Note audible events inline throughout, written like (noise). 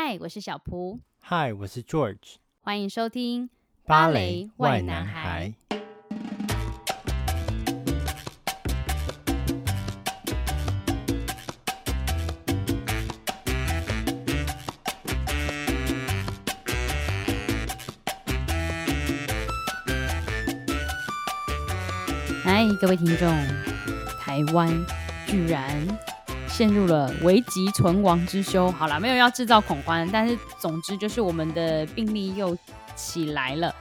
嗨，我是小蹼。嗨，我是 George。歡迎收聽芭《芭蕾 why 男孩》。嗨，各位聽眾，台灣居然。陷入了危急存亡之秋。好了，沒有要製造恐慌，但是總之就是我們的病例又起來了，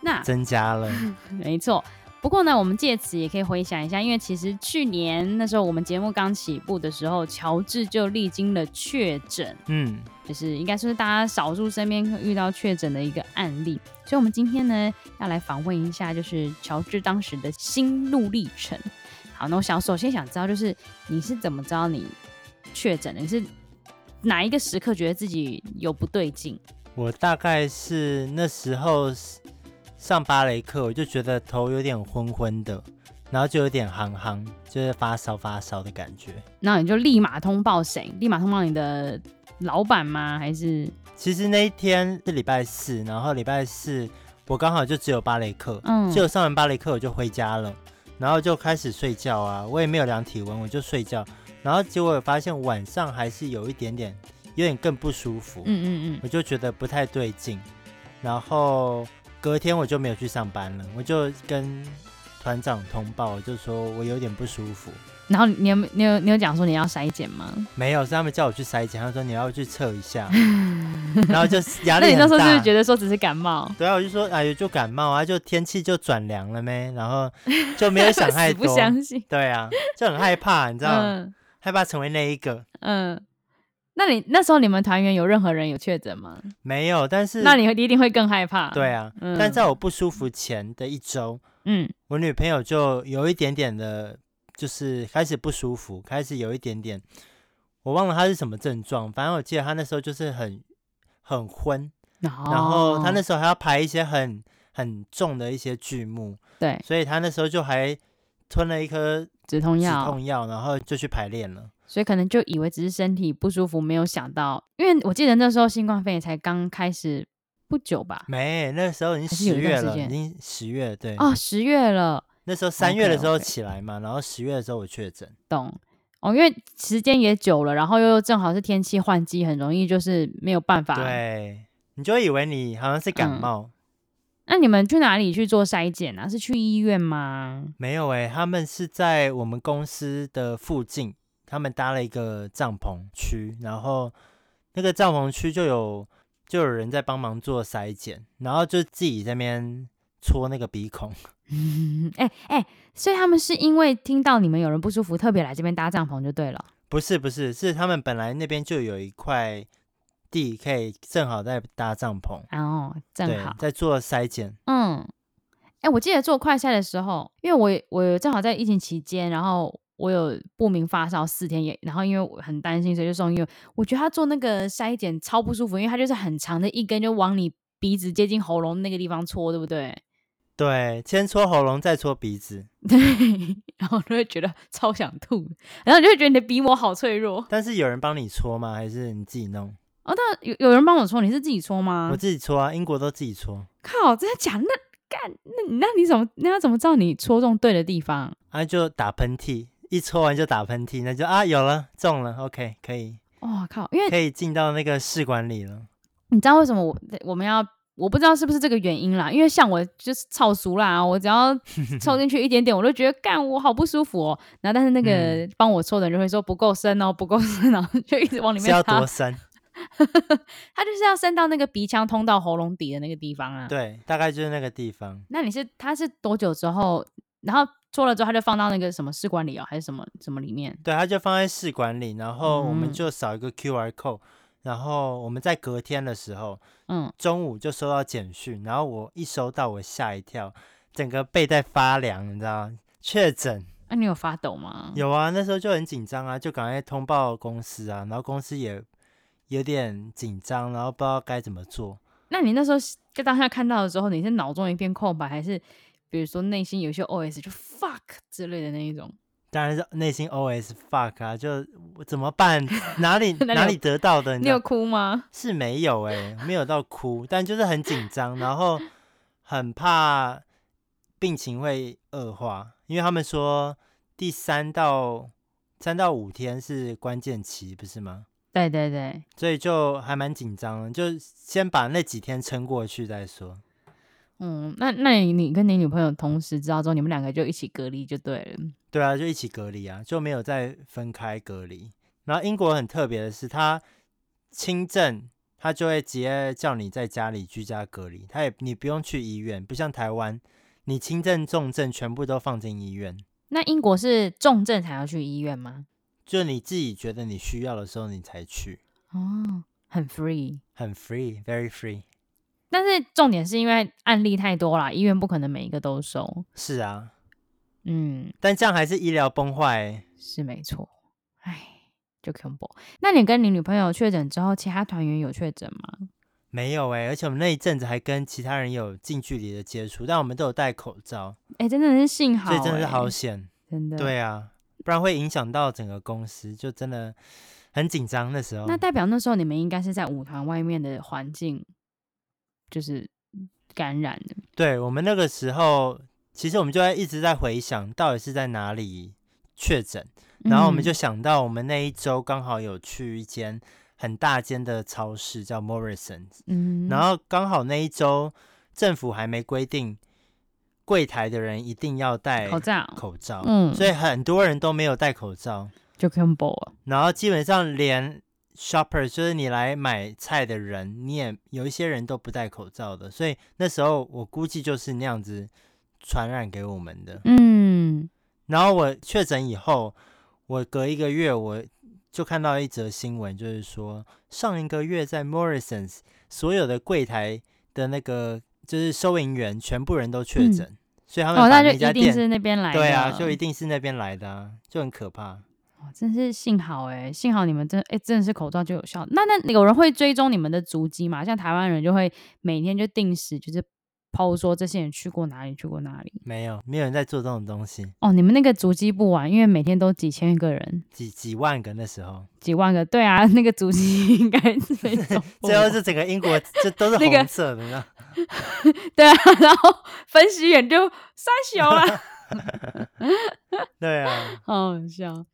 那增加了， (laughs) 沒錯。不過呢，我們借此也可以回想一下，因為其實去年那時候我們節目剛起步的時候，喬治就歷經了確診，嗯，就是應該說是大家少數身邊遇到確診的一個案例。所以我們今天呢，要來訪問一下，就是喬治當時的心路歷程。好，那我想首先想知道，就是你是怎麼知道你確診的？你是哪一個時刻覺得自己有不對勁？我大概是那時候上芭蕾課，我就覺得頭有點昏昏的，然後就有點憨憨，就是發燒發燒的感覺。然後你就立馬通報誰？立馬通報你的老闆嗎？還是？其實那一天是禮拜四，然後禮拜四我剛好就只有芭蕾課，嗯，只有上完芭蕾課我就回家了。然後就開始睡覺啊，我也沒有量體溫，我就睡覺。然後結果我發現晚上還是有一點點，有點更不舒服，嗯嗯嗯。我就覺得不太對勁。然後隔天我就沒有去上班了，我就跟團長通報，就說我有點不舒服。然後你有沒你有你有講說你要篩檢嗎？沒有，是他們叫我去篩檢。他說你要去測一下， (laughs) 然後就壓力很大。 (laughs) 那你那時候就是，是覺得說只是感冒？對啊，我就說哎、啊，就感冒啊，就天氣就轉涼了咩，然後就沒有想太多。你 (laughs) 不相信？對啊，就很害怕，你知道？嗯、害怕成為那一個。嗯，那你那時候你們團員有任何人有確診嗎？沒有，但是那你會一定會更害怕。對啊，嗯、但在我不舒服前的一周。嗯，我女朋友就有一點點的，就是開始不舒服，開始有一點點，我忘了她是什麼症狀，反正我記得她那時候就是很很昏，哦，然後她那時候還要排一些很很重的一些劇目，對，所以她那時候就還吞了一顆止痛藥，止痛藥，然後就去排練了，所以可能就以為只是身體不舒服，沒有想到，因為我記得那時候新冠肺炎才剛開始。不久吧，沒，那時候已經十月了，已經十月對哦，十月了。那時候三月的時候起來嘛，然後十月的時候我確診。Okay, okay. 懂哦，因為時間也久了，然後又正好是天氣換季，很容易就是沒有辦法。對，你就會以為你好像是感冒。嗯、那你們去哪裡去做篩檢啊？是去醫院嗎？沒有哎、欸，他們是在我們公司的附近，他們搭了一個帳篷區，然後那個帳篷區就有。就有人在幫忙做篩檢，然後就自己在那邊戳那個鼻孔。哎、嗯、哎、欸欸，所以他們是因為聽到你們有人不舒服，特別來這邊搭帳篷就對了？不是不是，是他們本來那邊就有一塊地可以正好在搭帳篷，然、哦、後正好在做篩檢。嗯，哎、欸，我記得做快篩的時候，因為我我正好在疫情期間，然後。我有不明發燒四天也，然後因為我很擔心，所以就送醫院。我覺得他做那個篩檢超不舒服，因為他就是很長的一根，就往你鼻子接近喉嚨那個地方搓，對不對？對，先搓喉嚨，再搓鼻子。對，然後就會覺得超想吐，然後就會覺得你的鼻膜好脆弱。但是有人幫你搓嗎？還是你自己弄？啊、哦，那有有人幫我搓？你是自己搓嗎？我自己搓啊，英國都自己搓。靠，真的假？那幹，那那你怎麼，那他怎麼知道你搓中對的地方？啊，就打噴嚏。一抽完就打噴嚏，那就啊有了中了，OK 可以。哇、哦、靠，因為可以進到那個試管裡了。你知道為什麼我我們要？我不知道是不是這個原因啦，因為像我就是臭俗辣啦，我只要抽進去一點點，我就覺得 (laughs) 幹我好不舒服哦。然後但是那個幫我抽的人就會說不夠深哦，不夠深，哦，就一直往裡面插。是要多深？他 (laughs) 就是要伸到那個鼻腔通到喉嚨底的那個地方啊。對，大概就是那個地方。那你是他是多久之後？然後。說了之後，他就放到那個什麼試管裡啊、哦，還是什麼什麼裡面？對，他就放在試管裡，然後我們就掃一個 QR code，、嗯、然後我們在隔天的時候，嗯，中午就收到簡訊，然後我一收到，我嚇一跳，整個背在發涼，你知道嗎？確診？那、啊、你有發抖嗎？有啊，那時候就很緊張啊，就趕快通報公司啊，然後公司也有點緊張，然後不知道該怎麼做。那你那時候就當下看到的時候，你是腦中一片空白，還是？比如說內心有些 OS 就 fuck 之類的那一種，當然是內心 OS fuck 啊，就我怎麼辦？哪裡， (laughs) 哪裡有，哪裡得到的，你知道？你有哭嗎？是沒有欸，沒有到哭， (laughs) 但就是很緊張，然後很怕病情會惡化，因為他們說第三到三到五天是關鍵期，不是嗎？對對對，所以就還蠻緊張，就先把那幾天撐過去再說。嗯，那那你,你跟你女朋友同時知道之後，你們兩個就一起隔離就對了。對啊，就一起隔離啊，就沒有再分開隔離。然後英國很特別的是，他輕症他就會直接叫你在家裡居家隔離，他也你不用去醫院，不像台灣，你輕症重症全部都放進醫院。那英國是重症才要去醫院嗎？就你自己覺得你需要的時候，你才去。哦，oh，很 free，很 free，very free。Free. 但是重點是因為案例太多啦，醫院不可能每一個都收。是啊，嗯，但這樣還是醫療崩壞、欸，是沒錯。哎，就恐怖。那你跟你女朋友確診之後，其他團員有確診嗎？沒有哎、欸，而且我們那一陣子還跟其他人有近距離的接觸，但我們都有戴口罩。哎、欸，真的是幸好、欸，這真的是好險，真的。對啊，不然會影響到整個公司，就真的很緊張那時候。那代表那時候你們應該是在舞團外面的環境。就是感染的。對我們那個時候，其實我們就在一直在回想，到底是在哪裡確診，然後我們就想到，我們那一週剛好有去一間很大間的超市，叫 Morrisons，嗯，然後剛好那一週政府還沒規定櫃檯的人一定要戴口罩，口罩，嗯，所以很多人都沒有戴口罩就不用了，然後基本上連 Shopper，就是你來買菜的人，你也有一些人都不戴口罩的，所以那時候我估計就是那樣子傳染給我們的。嗯，然後我確診以後，我隔一個月我就看到一則新聞，就是說上一個月在 Morrisons 所有的櫃台的那個就是收銀員全部人都確診，嗯、所以他們家店哦，那就一定是那邊來的，對啊，就一定是那邊來的，啊，就很可怕。真是幸好哎、欸，幸好你們真哎、欸，真的是口罩就有效。那那有人會追蹤你們的足跡嗎？像台灣人就會每天就定時就是 PO 說這些人去過哪裡，去過哪裡。沒有，沒有人在做這種東西。哦，你們那個足跡不完，因為每天都幾千個人，幾幾萬個那時候，幾萬個，對啊，那個足跡應該追最， (laughs) 最後是整個英國這都是紅色的。 (laughs) 知道 (laughs) 對啊，然後分析員就三小啊。 (laughs) (laughs) 對啊，好，好笑。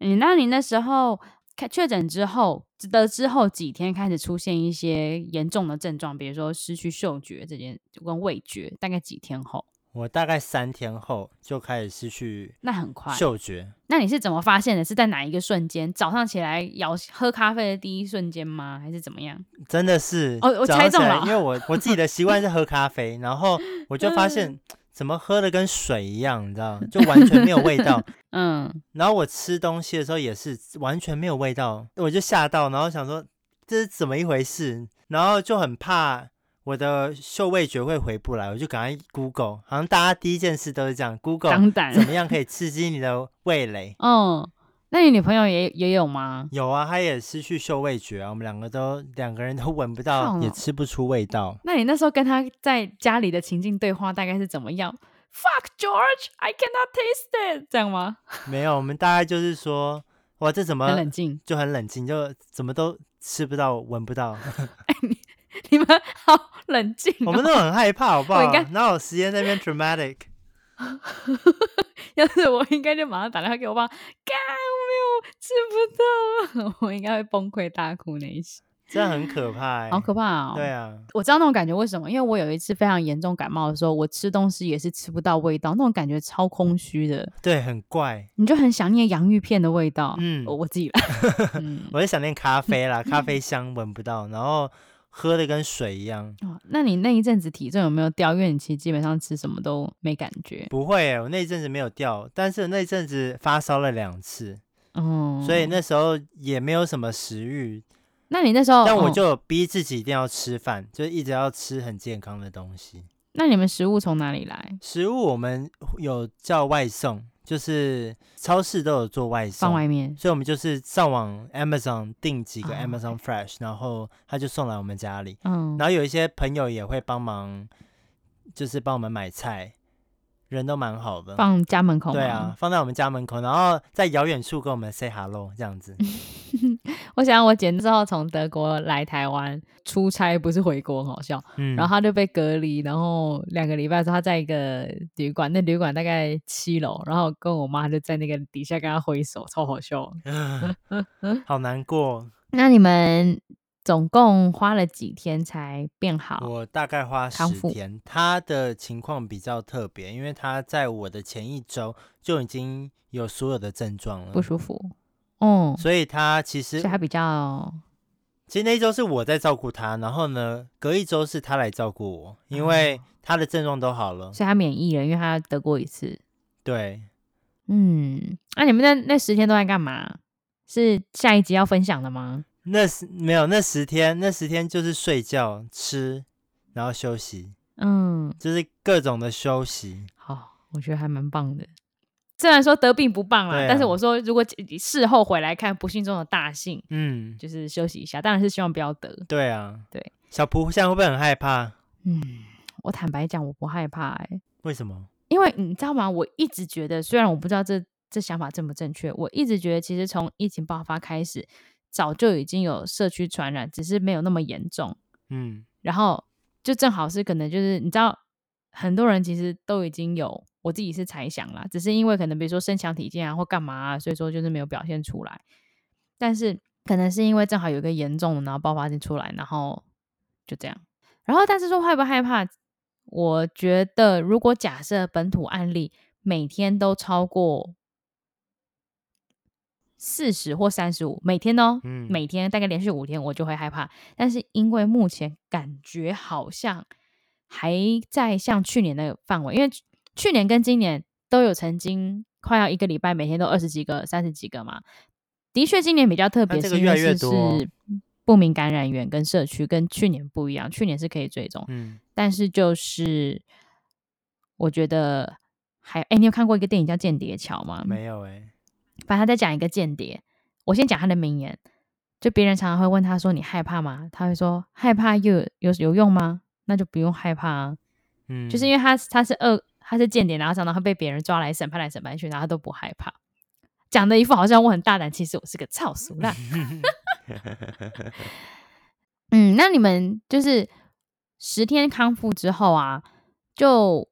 你、欸、那你那時候確診之後的之後幾天開始出現一些嚴重的症狀，比如說失去嗅覺這件就跟味覺，大概幾天後？我大概三天後就開始失去那很快嗅覺。那你是怎麼發現的？是在哪一個瞬間？早上起來咬喝咖啡的第一瞬間嗎？還是怎麼樣？真的是哦，我猜中了， (laughs) 因為我我自己的習慣是喝咖啡， (laughs) 然後我就發現。嗯怎麼喝的跟水一樣？你知道，就完全沒有味道。 (laughs) 嗯，然後我吃東西的時候也是完全沒有味道，我就嚇到，然後想說這是怎麼一回事，然後就很怕我的嗅味覺會回不來，我就趕快 Google，好像大家第一件事都是這樣 Google 怎麼樣可以刺激你的味蕾。 (laughs) 哦那你女朋友也也有嗎？有啊，她也失去嗅味覺啊。我們兩個都兩個人都聞不到，也吃不出味道。那你那時候跟她在家裡的情境對話大概是怎麼樣？Fuck George, I cannot taste it，這樣嗎？沒有，我們大概就是說，哇，這怎麼很冷靜？就很冷靜，就怎麼都吃不到，聞不到。 (laughs) 哎，你你們好冷靜哦。我們都很害怕，好不好？哪有時間在那邊 (laughs) dramatic。 (laughs) (laughs) 要是我應該就馬上打電話給我爸、爸，幹，我沒有，我吃不到，我應該會崩潰大哭。那一次，真的很可怕，欸，好可怕啊，喔。對啊，我知道那種感覺。為什麼？因為我有一次非常嚴重感冒的時候，我吃東西也是吃不到味道，那種感覺超空虛的，對，很怪，你就很想念洋芋片的味道，嗯，我自己，嗯、 (laughs) 我就想念咖啡啦，咖啡香聞不到， (laughs) 然後。喝的跟水一樣。哦，那你那一陣子體重有沒有掉？因為你其實基本上吃什麼都沒感覺。不會欸，我那一陣子沒有掉，但是那一陣子發燒了兩次，哦，所以那時候也沒有什麼食慾。那你那時候，但我就逼自己一定要吃飯，哦，就一直要吃很健康的東西。那你們食物從哪裡來？食物我們有叫外送。就是超市都有做外送，放外面，所以我們就是上網 Amazon 訂幾個 Amazon Fresh，、oh、然後他就送來我們家裡。嗯、oh.，然後有一些朋友也會幫忙，就是幫我們買菜。人都蠻好的，放家門口。對啊，放在我們家門口，然後在遙遠處跟我們 say hello 這樣子。 (laughs) 我想我姐之後從德國來台灣出差，不是回國，很好笑。嗯，然後他就被隔離，然後兩個禮拜之後他在一個旅館，那旅館大概七樓，然後跟我媽就在那個底下跟他揮手，超好笑。 (laughs) (laughs) (laughs) 好難過。那你們？總共花了幾天才變好？我大概花十天。他的情況比較特別，因為他在我的前一周就已經有所有的症狀了，不舒服，嗯、哦，所以他其實還比較，其實那一周是我在照顧他，然後呢，隔一周是他來照顧我，因為他的症狀都好了，嗯，所以他免疫了，因為他得過一次。對，嗯，那、啊、你們那那十天都在幹嘛？是下一集要分享的嗎？那十，沒有，那十天，那十天就是睡覺、吃，然後休息，嗯，就是各種的休息。好，我覺得還蠻棒的。雖然說得病不棒啦，啊、但是我說，如果事後回來看，不幸中的大幸，嗯，就是休息一下。當然是希望不要得。對啊，對。小蹼現在會不會很害怕？嗯，我坦白講，我不害怕、欸。哎，為什麼？因為你知道嗎？我一直覺得，雖然我不知道這這想法正不正確，我一直覺得其實從疫情爆發開始。早就已經有社區傳染，只是沒有那麼嚴重，嗯，然後就正好是可能就是你知道很多人其實都已經有，我自己是猜想啦，只是因為可能比如說身強體健啊或幹嘛啊，所以說就是沒有表現出來，但是可能是因為正好有一個嚴重的，然後爆發性出來，然後就這樣，然後但是說害不害怕，我覺得如果假設本土案例每天都超過。四十、或三十五每天哦、喔嗯，每天大概連續五天我就會害怕。但是因為目前感覺好像還在像去年的範圍，因為去年跟今年都有曾經快要一個禮拜每天都二十幾個、三十幾個嘛。的確，今年比較特別的是，這個越來越多不明感染源跟社區跟去年不一樣。去年是可以追蹤，嗯、但是就是我覺得還哎，欸、你有看過一個電影叫《間諜橋》嗎？沒有哎、欸。反正他在講一個間諜。我先講他的名言，就別人常常會問他說：“你害怕嗎？”他會說：“害怕又有有，有用嗎？”那就不用害怕啊。嗯，就是因為他他是惡，他是間諜，然後常常會被別人抓來審判來審判去，然後他都不害怕。講的一副好像我很大膽，其實我是個臭俗辣。 (laughs) (laughs) (laughs) 嗯，那你們就是十天康復之後啊，就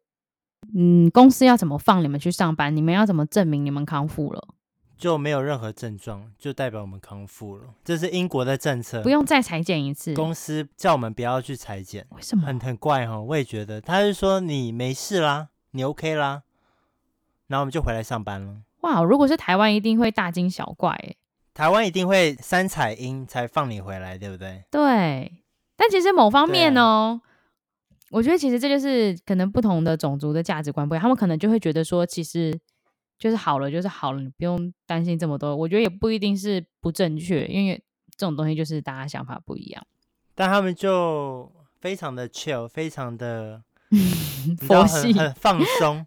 嗯，公司要怎麼放你們去上班？你們要怎麼證明你們康復了？就沒有任何症狀，就代表我們康復了。這是英國的政策，不用再採檢一次。公司叫我們不要去採檢，為什麼？很很怪哈，我也覺得。他是說你沒事啦，你 OK 啦，然後我們就回來上班了。哇，如果是台灣，一定會大驚小怪，欸。台灣一定會三採陰才放你回來，對不對？對。但其實某方面哦，喔啊，我覺得其實這就是可能不同的種族的價值觀不一樣，他們可能就會覺得說，其實。就是好了，就是好了，你不用擔心這麼多。我覺得也不一定是不正確，因為這種東西就是大家想法不一樣。但他們就非常的 chill，非常的 (laughs) 佛系，很，很放鬆、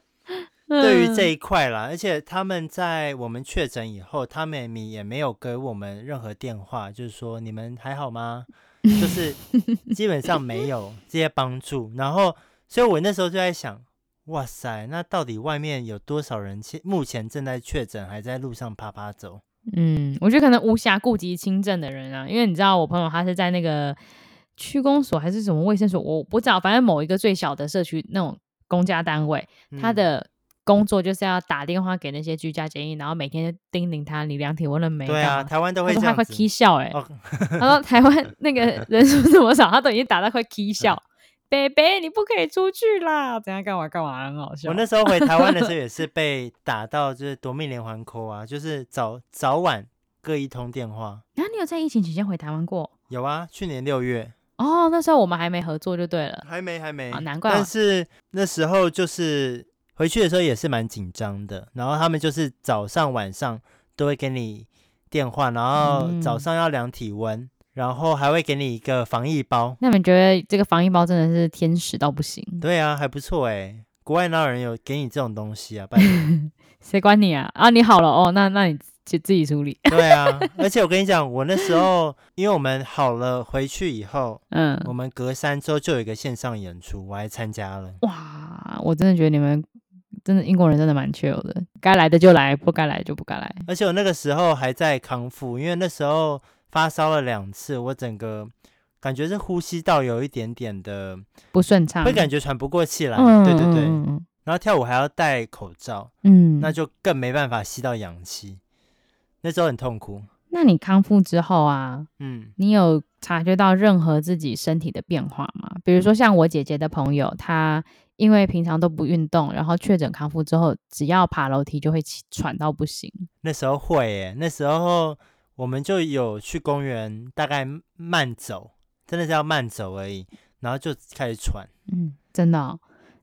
(laughs) 嗯。對於這一塊啦，而且他們在我們確診以後，他們也也沒有給我們任何電話，就是說你們還好嗎？ (laughs) 就是基本上沒有這些幫助。然後，所以我那時候就在想。哇塞，那到底外面有多少人？現目前正在確診，還在路上趴趴走？嗯，我覺得可能無暇顧及輕症的人啊，因為你知道，我朋友他是在那個區公所還是什麼衛生所，我不知道，反正某一個最小的社區那種公家單位、嗯，他的工作就是要打電話給那些居家檢疫，然後每天就叮嚀他你量體溫了沒？對啊，台灣都會這樣子，他會起笑、欸哦、笑他說台灣那個人數這麼少，他都已經打到快起笑。 (laughs) baby，你不可以出去啦！怎樣？幹嘛？幹嘛？很好笑。我那時候回台灣的時候也是被打到，就是奪命連環 call 啊， (laughs) 就是早早晚各一通電話。那、啊、你有在疫情期間回台灣過？有啊，去年六月。哦，那時候我們還沒合作就對了，還沒還沒啊，難怪、啊。但是那時候就是回去的時候也是蠻緊張的，然後他們就是早上晚上都會給你電話，然後早上要量體溫。嗯然後還會給你一個防疫包，那你覺得這個防疫包真的是天使到不行？對啊，還不錯誒。國外哪有人有給你這種東西啊？拜托 (laughs) 誰管你啊？啊，你好了哦，那那你就自己處理。對啊， (laughs) 而且我跟你講，我那時候因為我們好了回去以後， (laughs) 嗯，我們隔三周就有一個線上演出，我還參加了。哇，我真的覺得你們真的英國人真的蠻缺的，該來的就來，不該來就不該來。而且我那個時候還在康復，因為那時候。發燒了兩次，我整個感覺是呼吸道有一點點的不順暢，會感覺喘不過氣來，嗯。對對對。然後跳舞還要戴口罩，嗯，那就更沒辦法吸到氧氣。那時候很痛苦。那你康復之後啊，嗯，你有察覺到任何自己身體的變化嗎？比如說像我姐姐的朋友，她因為平常都不運動，然後確診康復之後，只要爬樓梯就會喘到不行。那時候會耶、欸，那時候。我們就有去公園，大概慢走，真的是要慢走而已，然後就開始喘，嗯，真的、哦，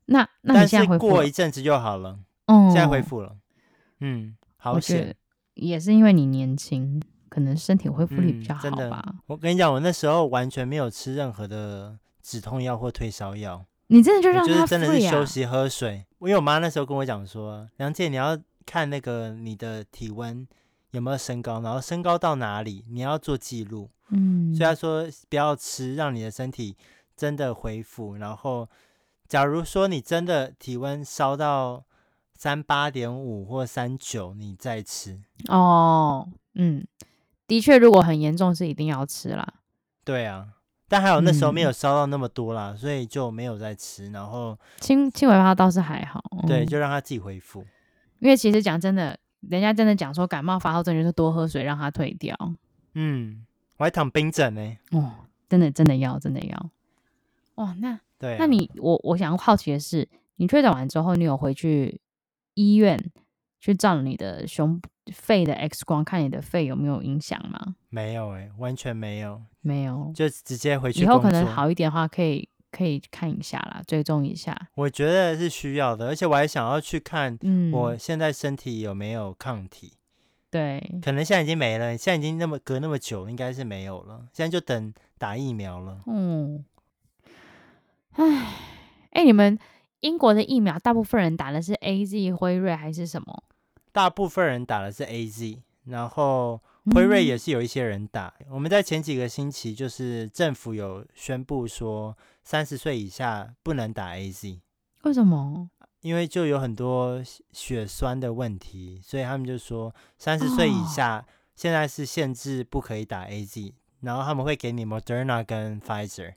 那那現在但是過一陣子就好了，嗯，現在恢復了，嗯，好險，也是因為你年輕，可能身體恢復力比較好吧。嗯、真的我跟你講，我那時候完全沒有吃任何的止痛藥或退燒藥，你真的就讓他、啊、就是真的是休息、喝水。因為我媽那時候跟我講說，梁姐，你要看那個你的體溫。有沒有升高？然後升高到哪裡？你要做記錄。嗯，雖然說不要吃，讓你的身體真的恢復。然後，假如說你真的體溫燒到三八點五或三九，你再吃。哦，嗯，的確，如果很嚴重是一定要吃啦。對啊，但還有那時候沒有燒到那麼多啦、嗯，所以就沒有再吃。然後，青青尾巴倒是還好。對，就讓他自己恢復、嗯。因為其實講真的。人家真的講說，感冒發燒症就是多喝水，讓它退掉。嗯，我還躺冰枕呢、欸。哦，真的，真的要，真的要。哇，那對、啊，那你我我想好奇的是，你確診完之後，你有回去醫院去照你的胸肺的 X 光，看你的肺有沒有影響嗎？沒有誒、欸，完全沒有，沒有，就直接回去。以後可能好一點的話，可以。可以看一下啦，追蹤一下。我覺得是需要的，而且我還想要去看，我現在身體有沒有抗體？嗯。對，可能現在已經沒了，現在已經那麼隔那麼久，應該是沒有了。現在就等打疫苗了。嗯，哎，你們英國的疫苗，大部分人打的是 AZ、輝瑞還是什麼？大部分人打的是 AZ，然後。輝瑞也是有一些人打。嗯、我們在前幾個星期，就是政府有宣布說，三十歲以下不能打 AZ。為什麼？因為就有很多血栓的問題，所以他們就說三十歲以下現在是限制不可以打 AZ。AZ，然後他們會給你 Moderna 跟 Pfizer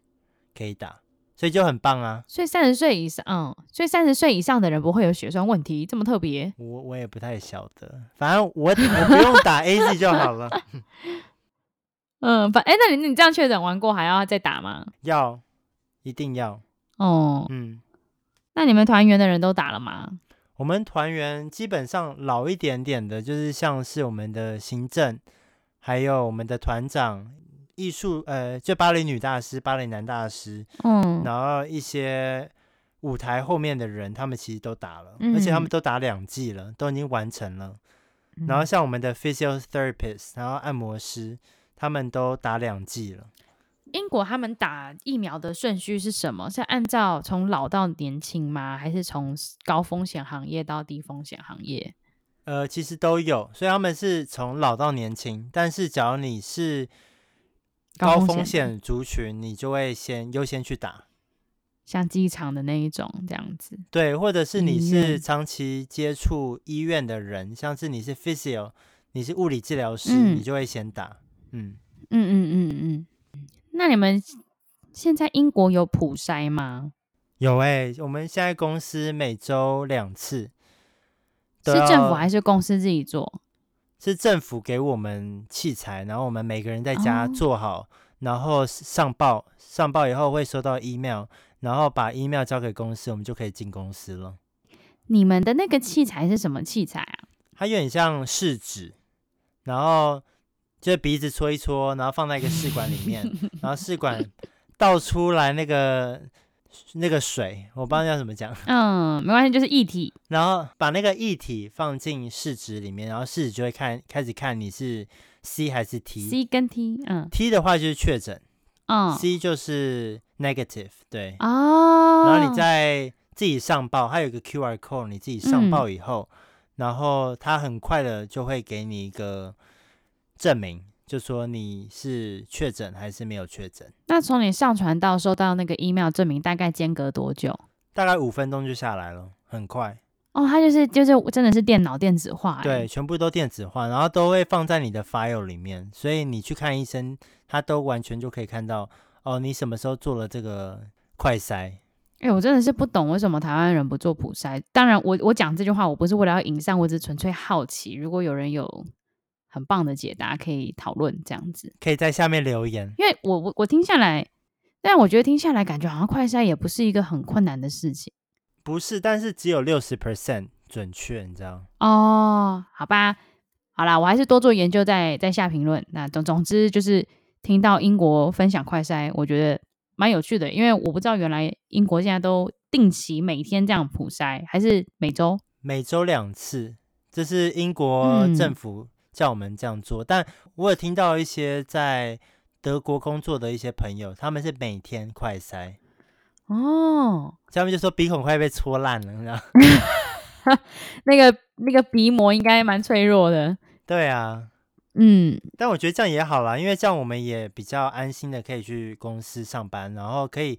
可以打。所以就很棒啊！所以三十歲以上，嗯，所以三十歲以上的人不會有血栓問題，這麼特別？我我也不太曉得，反正我, (laughs) 我不用打 AZ 就好了。 (laughs) 嗯，反、欸、哎，那你你這樣確診完過還要再打嗎？要，一定要。哦，嗯，那你們團員的人都打了嗎？我們團員基本上老一點點的，就是像是我們的行政，還有我們的團長。藝術，呃，就芭蕾女大師、芭蕾男大師，嗯，然後一些舞台後面的人，他們其實都打了，嗯、而且他們都打兩劑了，都已經完成了、嗯。然後像我們的 physiotherapist，然後按摩師，他們都打兩劑了。英國他們打疫苗的順序是什麼？是按照從老到年輕嗎？還是從高風險行業到低風險行業？呃，其實都有，所以他們是從老到年輕。但是，只要你是高風險族群，你就會先優先去打，像機場的那一種這樣子。對，或者是你是長期接觸醫院的人，嗯、像是你是 physio，你是物理治療師，嗯、你就會先打。嗯嗯嗯嗯嗯。那你們現在英國有普篩嗎？有哎、欸，我們現在公司每周兩次。是政府還是公司自己做？是政府給我們器材，然後我們每個人在家做好，oh. 然後上報，上報以後會收到 email，然後把 email 交給公司，我們就可以進公司了。你們的那個器材是什麼器材啊？它有點像試紙，然後就鼻子搓一搓，然後放在一個試管裡面， (laughs) 然後試管倒出來那個。那個水，我不知道要怎麼講，嗯。嗯，沒關係，就是液體。然後把那個液體放進試紙裡面，然後試紙就會看，開始看你是 C 還是 T。C 跟 T，嗯。T 的話就是確診，嗯，C 就是 negative，對。哦。然後你在自己上報，他有個 QR code，你自己上報以後，嗯，然後他很快的就會給你一個證明。就說你是確診還是沒有確診？那從你上傳到收到那個 email 證明，大概間隔多久？大概五分鐘就下來了，很快。哦，它就是就是真的是電腦電子化。欸，對，全部都電子化，然後都會放在你的 file 裡面，所以你去看醫生，他都完全就可以看到哦，你什麼時候做了這個快篩？哎、欸，我真的是不懂為什麼台灣人不做普篩。當然我，我我講這句話我不是為了要引戰，我只純粹好奇，如果有人有。很棒的解答，可以討論這樣子，可以在下面留言。因為我我我聽下來，但我覺得聽下來感覺好像快篩也不是一個很困難的事情。不是，但是只有六十 percent 準確，你知道？哦，好吧，好啦，我還是多做研究再，再再下評論。那總總之就是聽到英國分享快篩，我覺得蠻有趣的，因為我不知道原來英國現在都定期每天這樣普篩，還是每週？每週兩次，這是英國政府。嗯像我們這樣做，但我有聽到一些在德國工作的一些朋友，他們是每天快篩哦，他們就說鼻孔快被戳爛了，你知道 (laughs) 那個那個鼻膜應該蠻脆弱的。對啊，嗯，但我覺得這樣也好啦，因為這樣我們也比較安心的可以去公司上班，然後可以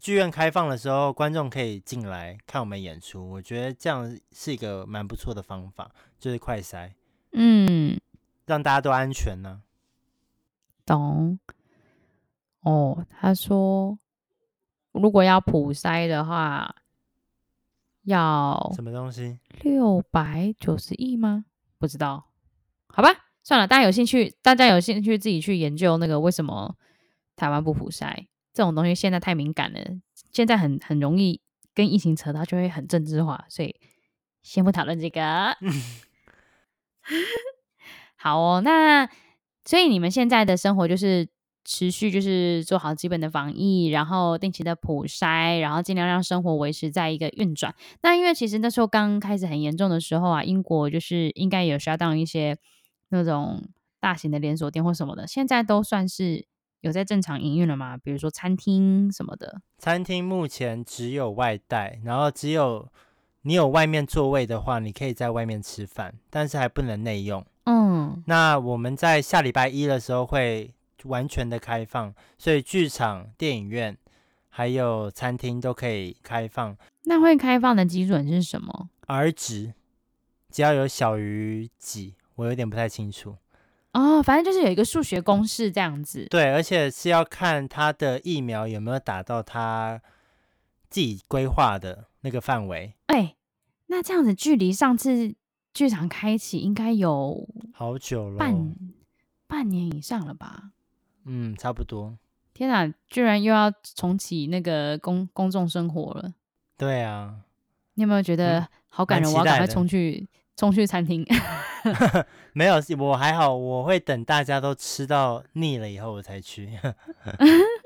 劇院開放的時候，觀眾可以進來看我們演出。我覺得這樣是一個蠻不錯的方法，就是快篩。嗯，讓大家都安全呢、啊？懂哦。他說，如果要普篩的話，要什麼東西？六百九十億嗎？不知道。好吧，算了。大家有興趣，大家有興趣自己去研究那個為什麼台灣不普篩這種東西。現在太敏感了，現在很很容易跟疫情扯到，就會很政治化。所以先不討論這個。 (laughs) (laughs) 好哦，那所以你們現在的生活就是持續，就是做好基本的防疫，然後定期的普篩，然後盡量讓生活維持在一個運轉。那因為其實那時候剛開始很嚴重的時候啊，英國就是應該有 shut down 一些那種大型的連鎖店或什麼的，現在都算是有在正常營運了嘛。比如說餐廳什麼的。餐廳目前只有外帶，然後只有。你有外面座位的話，你可以在外面吃飯，但是還不能內用。嗯，那我們在下禮拜一的時候會完全的開放，所以劇場、電影院還有餐廳都可以開放。那會開放的基準是什麼？R 值，只要有小於幾，我有點不太清楚。哦，反正就是有一個數學公式這樣子。嗯、對，而且是要看他的疫苗有沒有打到他。自己規劃的那個範圍。哎，欸，那這樣子距離，上次劇場開啟應該有好久了，半半年以上了吧？嗯，差不多。天哪，啊，居然又要重啟那個公公衆生活了。對啊，你有沒有覺得好感人？嗯，我要趕快衝去衝去餐廳。 (laughs) (laughs) 沒有，我還好，我會等大家都吃到膩了以後，我才去。 (laughs) (laughs)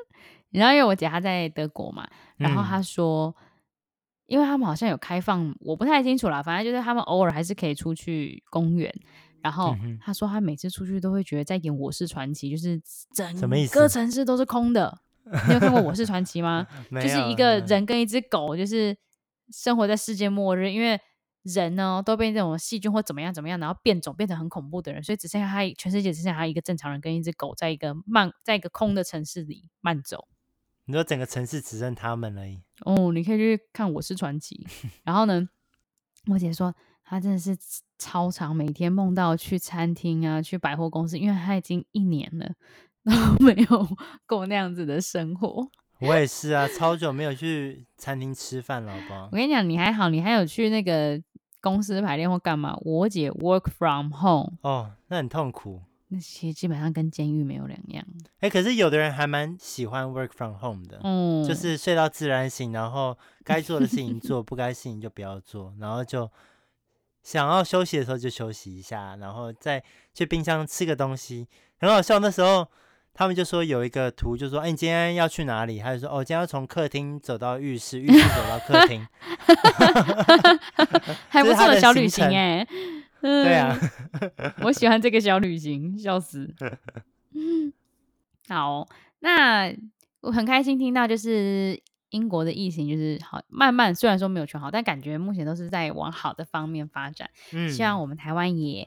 然後，因為我姐她在德國嘛，然後她說、嗯，因為他們好像有開放，我不太清楚啦，反正就是他們偶爾還是可以出去公園。然後她說，她每次出去都會覺得在演《我是傳奇》，就是整個城市都是空的。你有看過《我是傳奇》嗎？ (laughs) 就是一個人跟一只狗，就是生活在世界末日，因為人呢、哦、都被那種細菌或怎麼樣怎麼樣，然後變種變成很恐怖的人，所以只剩下他，全世界只剩下他一個正常人跟一只狗，在一個慢，在一個空的城市裡慢走。你說整個城市只剩他們而已。哦、oh,，你可以去看《我是傳奇。》 (laughs) 然後呢，我姐說她真的是超常，每天夢到去餐廳啊，去百貨公司，因為她已經一年了，然後沒有過那樣子的生活。 (laughs) 我也是啊，超久沒有去餐廳吃飯了好不好，吧 (laughs) 我跟你講，你還好，你還有去那個公司排練或幹嘛？我姐 work from home，哦，oh, 那很痛苦。其實基本上跟監獄沒有兩樣。哎、欸，可是有的人還蠻喜歡 work from home 的、嗯，就是睡到自然醒，然後該做的事情做， (laughs) 不該事情就不要做，然後就想要休息的時候就休息一下，然後再去冰箱吃個東西，很好笑。那時候他們就說有一個圖，就說哎、欸，你今天要去哪裡？還是說哦，今天要從客廳走到浴室， (laughs) 浴室走到客廳， (laughs) 還不錯的小旅行哎、欸。嗯、對啊， (laughs) 我喜歡這個小旅行，笑死。好，那我很開心聽到，就是英國的疫情就是好，慢慢雖然說沒有全好，但感覺目前都是在往好的方面發展。嗯、希望我們台灣也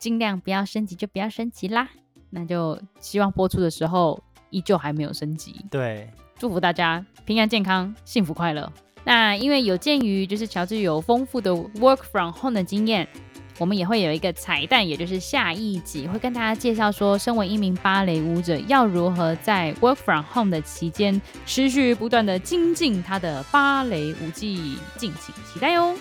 盡量不要升級，就不要升級啦。那就希望播出的時候依舊還沒有升級。對，祝福大家平安健康、幸福快樂。那因為有鑑於就是喬治有豐富的 work from home 的經驗。我們也會有一個彩蛋，也就是下一集會跟大家介紹說，身為一名芭蕾舞者，要如何在 work from home 的期間持續不斷的精進他的芭蕾舞技，敬請期待哦。